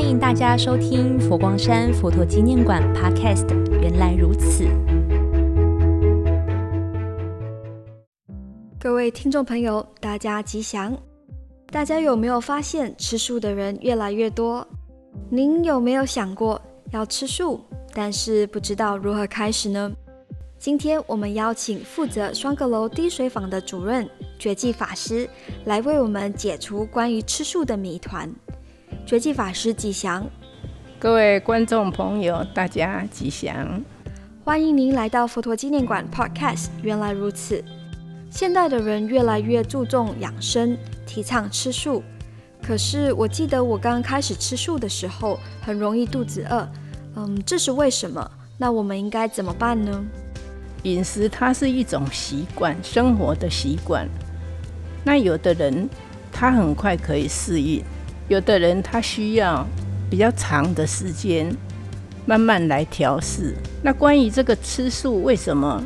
歡迎大家收聽佛光山佛陀紀念館 Podcast《原來如此》。各位聽眾朋友，大家吉祥！大家有沒有發現吃素的人越來越多？您有沒有想過要吃素，但是不知道如何開始呢？今天我們邀請負責雙閣樓滴水坊的主任覺紀法師，來為我們解除關於吃素的謎團。覺紀法師吉祥，各位觀眾朋友，大家吉祥！歡迎您來到佛陀紀念館 Podcast。原來如此，現代的人越來越注重養生，提倡吃素。可是我記得我剛開始吃素的時候，很容易肚子餓。嗯，這是為什麼？那我們應該怎麼辦呢？飲食它是一種習慣，生活的習慣。那有的人他很快可以適應。有的人他需要比較長的時間，慢慢來調適。那關於這個吃素，為什麼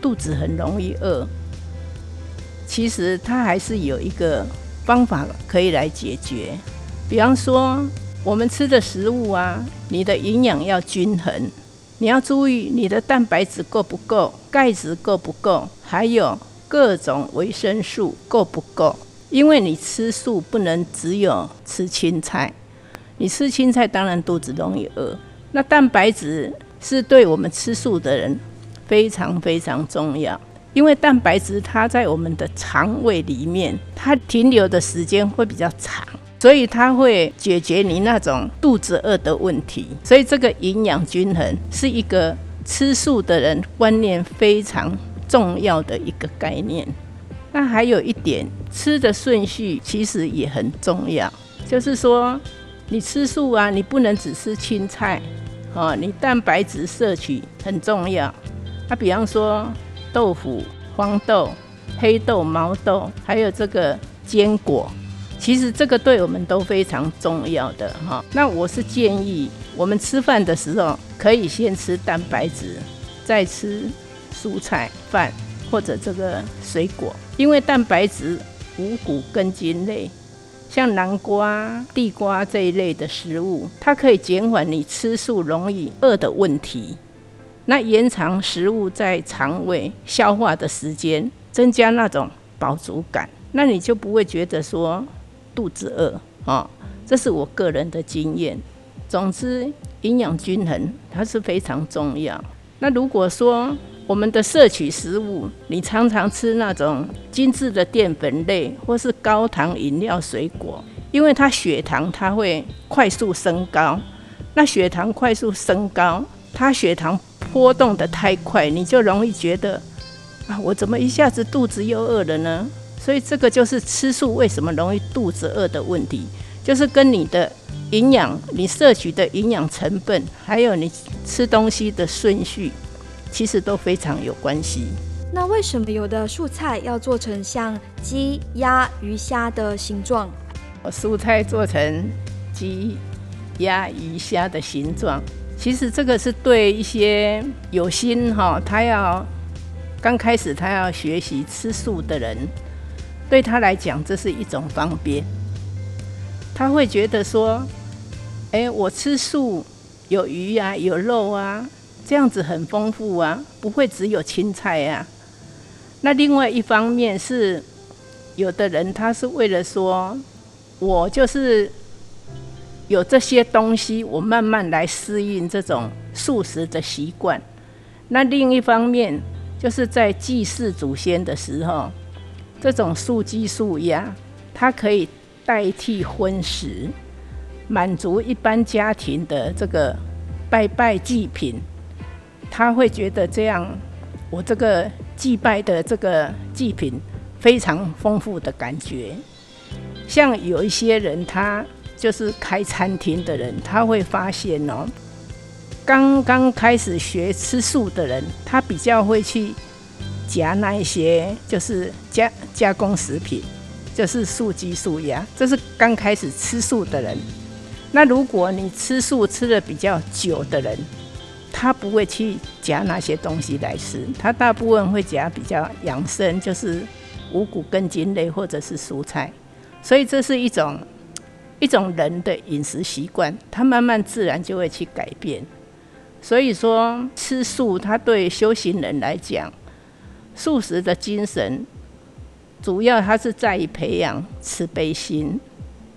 肚子很容易餓？其實它還是有一個方法可以來解決。比方說，我們吃的食物啊，你的營養要均衡，你要注意你的蛋白質夠不夠，鈣質夠不夠，還有各種維生素夠不夠。因為你吃素不能只有吃青菜，你吃青菜當然肚子容易餓。那蛋白質是對我們吃素的人非常非常重要，因為蛋白質它在我們的腸胃裡面，它停留的時間會比較長，所以它會解決你那種肚子餓的問題。所以這個營養均衡是一個吃素的人觀念非常重要的一個概念。那還有一點，吃的順序其實也很重要。就是說，你吃素啊，你不能只吃青菜，啊、哦，你蛋白質攝取很重要。啊，比方說豆腐、黃豆、黑豆、毛豆，還有這個堅果，其實這個對我們都非常重要的哈、哦。那我是建議，我們吃飯的時候可以先吃蛋白質，再吃蔬菜、飯或者這個水果。因為蛋白質、五穀根莖類，像南瓜、地瓜這一類的食物，它可以減緩你吃素容易餓的問題。那延長食物在腸胃消化的時間，增加那種飽足感，那你就不會覺得說肚子餓啊、哦。這是我個人的經驗。總之，營養均衡它是非常重要。那如果說，我們的攝取食物，你常常吃那種精致的澱粉類或是高糖飲料、水果，因為它血糖它會快速升高，那血糖快速升高，它血糖波動得太快，你就容易覺得啊，我怎麼一下子肚子又餓了呢？所以這個就是吃素為什麼容易肚子餓的問題，就是跟你的營養、你攝取的營養成分，還有你吃東西的順序。其實都非常有關係。那為什麼有的素菜要做成像雞、鴨、魚、蝦的形狀？素菜做成雞、鴨、魚、蝦的形狀，其實這個是對一些有心哈、哦，他要剛開始他要學習吃素的人，對他來講，這是一種方便。他會覺得說，哎，我吃素有魚啊，有肉啊。這樣子很豐富啊，不會只有青菜啊。那另外一方面是，有的人他是為了說，我就是有這些東西，我慢慢來適應這種素食的習慣。那另一方面，就是在祭祀祖先的時候，這種素雞素鴨，它可以代替葷食，滿足一般家庭的這個拜拜祭品。他會覺得這樣，我這個祭拜的這個祭品非常豐富的感覺。像有一些人，他就是開餐廳的人，他會發現哦，剛剛開始學吃素的人，他比較會去夾那一些，就是加加工食品，就是素雞素鴨，這是剛開始吃素的人。那如果你吃素吃了比較久的人，他不會去夾那些東西來吃，他大部分會夾比較養生，就是五穀根莖類或者是蔬菜，所以這是一種一種人的飲食習慣，他慢慢自然就會去改變。所以說，吃素，他對修行人來講，素食的精神，主要它是在於培養慈悲心，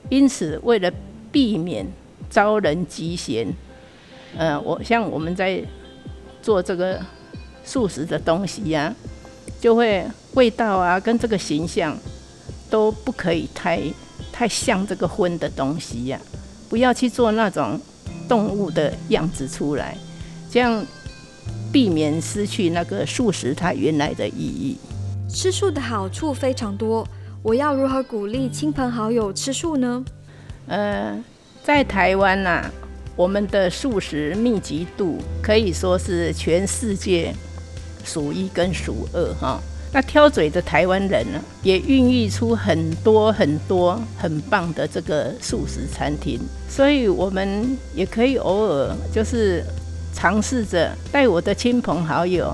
因此為了避免遭人嫉嫌，呃，我像我們在做這個素食的東西呀，就會味道啊，跟這個形象都不可以太太像這個葷的東西呀，不要去做那種動物的樣子出來，這樣避免失去那個素食它原來的意義。吃素的好處非常多，我要如何鼓勵親朋好友吃素呢？呃，在台灣吶，我們的素食密集度可以說是全世界數一跟數二，哈！那挑嘴的台灣人呢，也孕育出很多很多很棒的這個素食餐廳。所以，我們也可以偶爾就是嘗試着帶我的親朋好友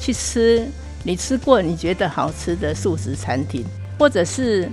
去吃你吃過你覺得好吃的素食餐廳，或者是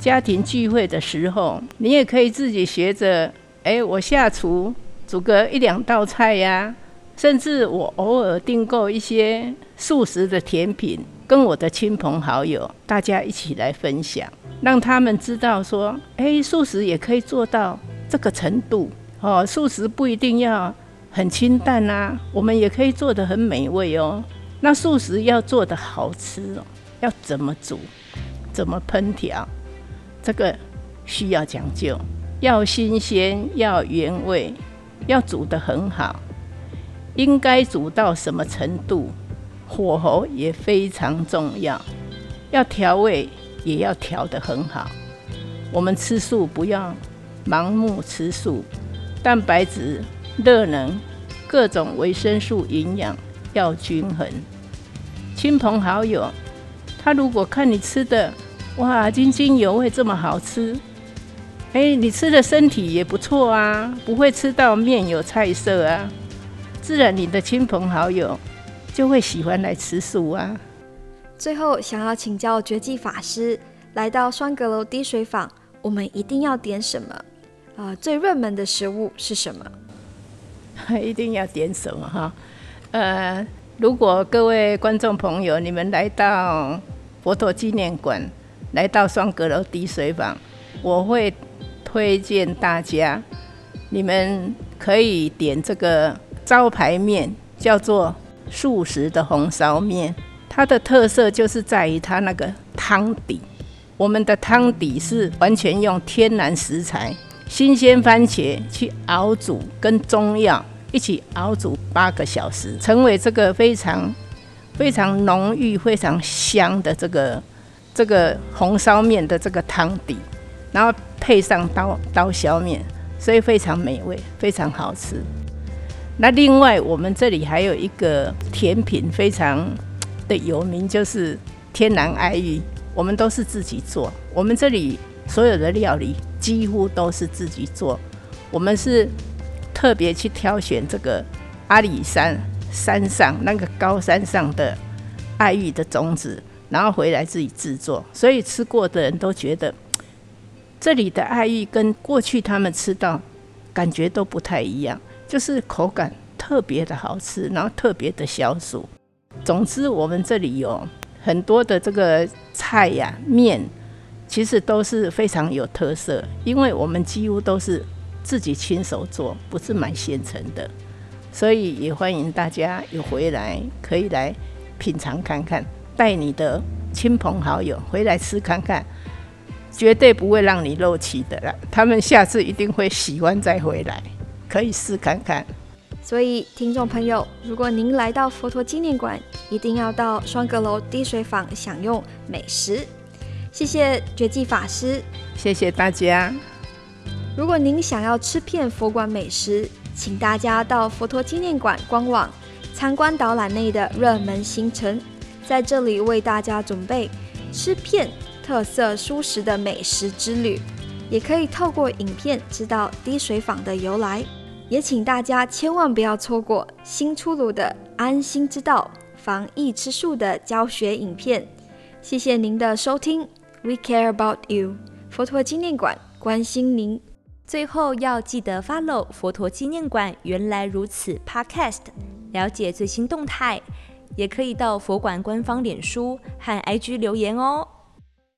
家庭聚會的時候，你也可以自己學着。哎，我下廚煮個一兩道菜呀，啊，甚至我偶爾訂購一些素食的甜品，跟我的親朋好友大家一起來分享，讓他們知道說，哎，素食也可以做到這個程度哦。素食不一定要很清淡啊，我們也可以做得很美味哦。那素食要做得好吃哦，要怎麼煮，怎麼烹調，這個需要講究。要新鮮，要原味，要煮的很好，應該煮到什麼程度？火候也非常重要。要調味，也要調得很好。我們吃素，不要盲目吃素，蛋白質、熱能、各種維生素、營養要均衡。親朋好友，他如果看你吃的，哇，津津有味這麼好吃，哎，你吃的身體也不錯啊，不會吃到面有菜色啊，自然你的親朋好友就會喜歡來吃素啊。最後想要請教覺紀法師，來到雙閣樓滴水坊，我們一定要點什麼啊、呃？最熱門的食物是什麼？一定要點什麼哈？呃，如果各位觀眾朋友你們來到佛陀紀念館，來到雙閣樓滴水坊，我會。推薦大家，你們可以點這個招牌麵，叫做素食的紅燒麵。它的特色就是在於它那個湯底。我們的湯底是完全用天然食材、新鮮番茄去熬煮，跟中藥一起熬煮八個小時，成為這個非常、非常濃郁、非常香的這個、這個紅燒麵的這個湯底。然後配上刀刀削麵，所以非常美味，非常好吃。那另外，我們這裡還有一個甜品，非常的有名，就是天然愛玉。我們都是自己做，我們這裡所有的料理幾乎都是自己做。我們是特別去挑選這個阿里山山上那個高山上的愛玉的種子，然後回來自己製作。所以吃過的人都覺得。這裡的愛玉跟過去他們吃到感覺都不太一樣，就是口感特別的好吃，然後特別的消暑。總之，我們這裡有很多的這個菜呀、啊、麵，其實都是非常有特色，因為我們幾乎都是自己親手做，不是買現成的，所以也歡迎大家有回來可以來品嘗看看，帶你的親朋好友回來吃看看。絕對不會讓你漏氣的了，他們下次一定會喜歡再回來，可以試看看。所以，聽眾朋友，如果您來到佛陀紀念館，一定要到雙閣樓滴水坊享用美食。謝謝覺紀法師，謝謝大家。如果您想要吃片佛館美食，請大家到佛陀紀念館官網參觀導覽內的熱門行程，在這裡為大家準備吃片。特色蔬食的美食之旅，也可以透過影片知道滴水坊的由來。也請大家千萬不要錯過新出爐的安心之道、防疫吃素的教學影片。謝謝您的收聽，We care about you，佛陀紀念館關心您。最後要記得 follow 佛陀紀念館，原來如此 Podcast，了解最新動態，也可以到佛館官方臉書和 IG 留言哦。